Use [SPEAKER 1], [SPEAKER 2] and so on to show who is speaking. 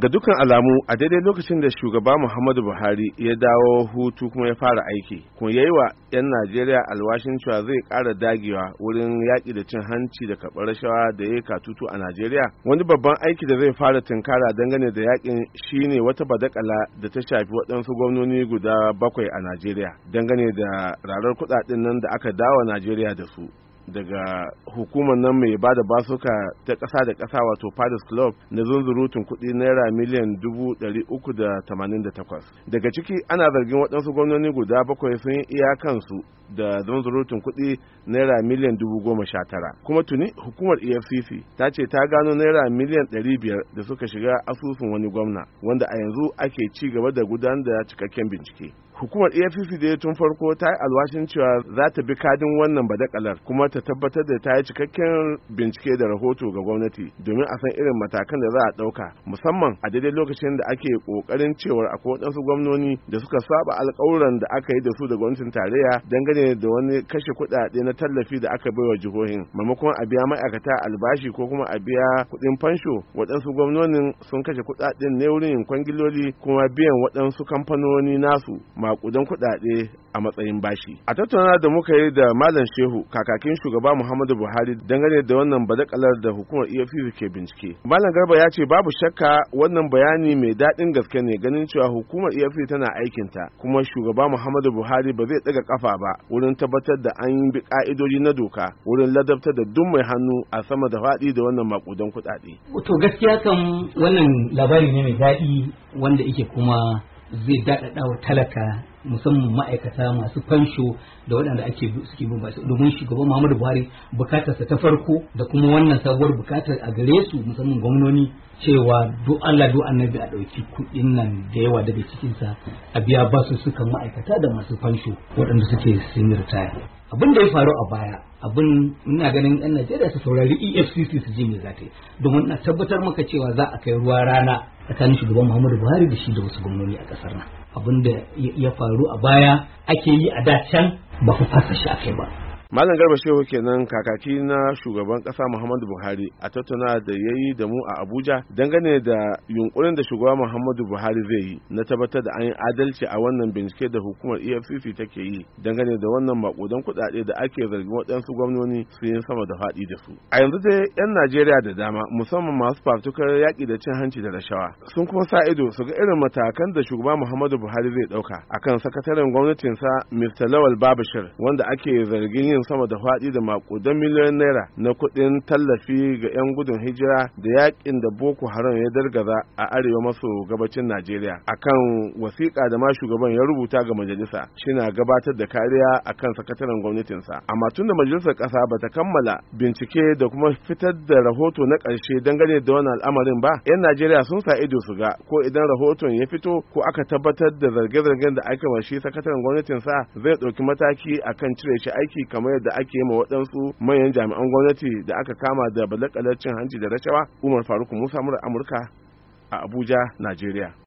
[SPEAKER 1] ga dukkan alamu a daidai lokacin da shugaba muhammadu buhari ya dawo hutu kuma ya fara aiki kuma ya wa 'yan najeriya alwashin cewa zai kara dagewa wurin yaƙi da cin hanci da karɓar rashawa da ya tutu a najeriya wani babban aiki da zai fara tunkara dangane da yaƙin shine wata badakala da ta shafi waɗansu gwamnoni guda bakwai a najeriya dangane da rarar kuɗaɗen nan da aka dawo najeriya da su daga hukumar nan mai ba da basuka ta ƙasa da ƙasa wato Paris Club na zunzurutun kuɗi naira miliyan dubu Daga ciki ana zargin waɗansu gwamnoni guda bakwai sun yi iyakansu da zunzurutun kuɗi naira miliyan dubu goma sha tara. Kuma tuni hukumar EFCC ta ce ta gano naira miliyan ɗari biyar da suka shiga asusun wani gwamna wanda a yanzu ake ci gaba da gudanar da cikakken bincike. hukumar EFF da tun farko ta yi alwashin cewa za ta bi kadin wannan badakalar kuma ta tabbatar da ta yi cikakken bincike da rahoto ga gwamnati domin a san irin matakan da za a ɗauka musamman a daidai lokacin da ake ƙoƙarin cewar akwai waɗansu gwamnoni da suka saba alƙawuran da aka yi da su da gwamnatin tarayya dangane da wani kashe kuɗaɗe na tallafi da aka baiwa jihohin maimakon a biya ma'aikata albashi ko kuma a biya kuɗin fansho waɗansu gwamnonin sun kashe kuɗaɗen ne wurin kwangiloli kuma biyan waɗansu kamfanoni nasu makudan kudade a matsayin bashi. A tattauna da muka yi da Malam Shehu kakakin shugaba Muhammadu Buhari dangane da wannan badakalar da hukumar EFCC ke bincike. Malam Garba ya ce babu shakka wannan bayani mai daɗin gaske ne ganin cewa hukumar EFCC tana aikinta kuma shugaba Muhammadu Buhari ba zai ɗaga kafa ba wurin tabbatar da an bi ka'idoji na doka wurin ladabtar da duk mai hannu a sama da faɗi da wannan makudan kudade.
[SPEAKER 2] To gaskiya kan wannan labari ne mai daɗi wanda yake kuma zai daɗaɗa wa talaka musamman ma'aikata masu fansho da waɗanda ake suke bin ba domin shugaban Muhammadu Buhari bukatarsa ta farko da kuma wannan sabuwar bukatar a gare su musamman gwamnoni cewa do Allah do annabi a ɗauki kuɗin nan da yawa daga cikinsa a biya ba su suka ma'aikata da masu fansho waɗanda suke sun ritaya abin da ya faru a baya abin ina ganin yan Najeriya su saurari EFCC su ji mai za ta yi domin na tabbatar maka cewa za a kai ruwa rana tsakanin shugaban Muhammadu Buhari da shi da wasu gwamnoni a kasar nan abinda ya faru a baya
[SPEAKER 1] ake yi a da can
[SPEAKER 2] ba ku fasa shi a kai ba
[SPEAKER 1] malam garba shehu kenan kakaki na shugaban kasa muhammadu buhari a tattauna da ya yi da mu a abuja dangane da yunkurin da shugaba muhammadu buhari zai yi na tabbatar da an yi adalci a wannan bincike da hukumar efcc take yi dangane da wannan makudan kuɗaɗe da ake zargin waɗansu gwamnoni su yi sama da faɗi da su a yanzu dai yan najeriya da dama musamman masu fafutukar yaƙi da cin hanci da rashawa sun kuma sa ido su ga irin matakan da shugaban muhammadu buhari zai ɗauka akan sakataren gwamnatinsa mr lawal babashir wanda ake zargin yin sama da faɗi da makudan miliyoyin naira na kuɗin tallafi ga 'yan gudun hijira da yakin da boko haram ya dargaza a arewa maso gabacin najeriya akan wasiƙa da ma shugaban ya rubuta ga majalisa shina gabatar da kariya akan sakataren gwamnatinsa amma tunda majalisar ƙasa ba ta kammala bincike da kuma fitar da rahoto na ƙarshe dangane da wannan al'amarin ba 'yan najeriya sun sa ido su ga ko idan rahoton ya fito ko aka tabbatar da zarge-zargen da aka shi sakataren gwamnatinsa zai ɗauki mataki akan cire shi aiki kamar kamar yadda ake ma waɗansu manyan jami'an gwamnati da aka kama da balakalar cin hanci da rashawa umar faruk musa mura amurka a abuja najeriya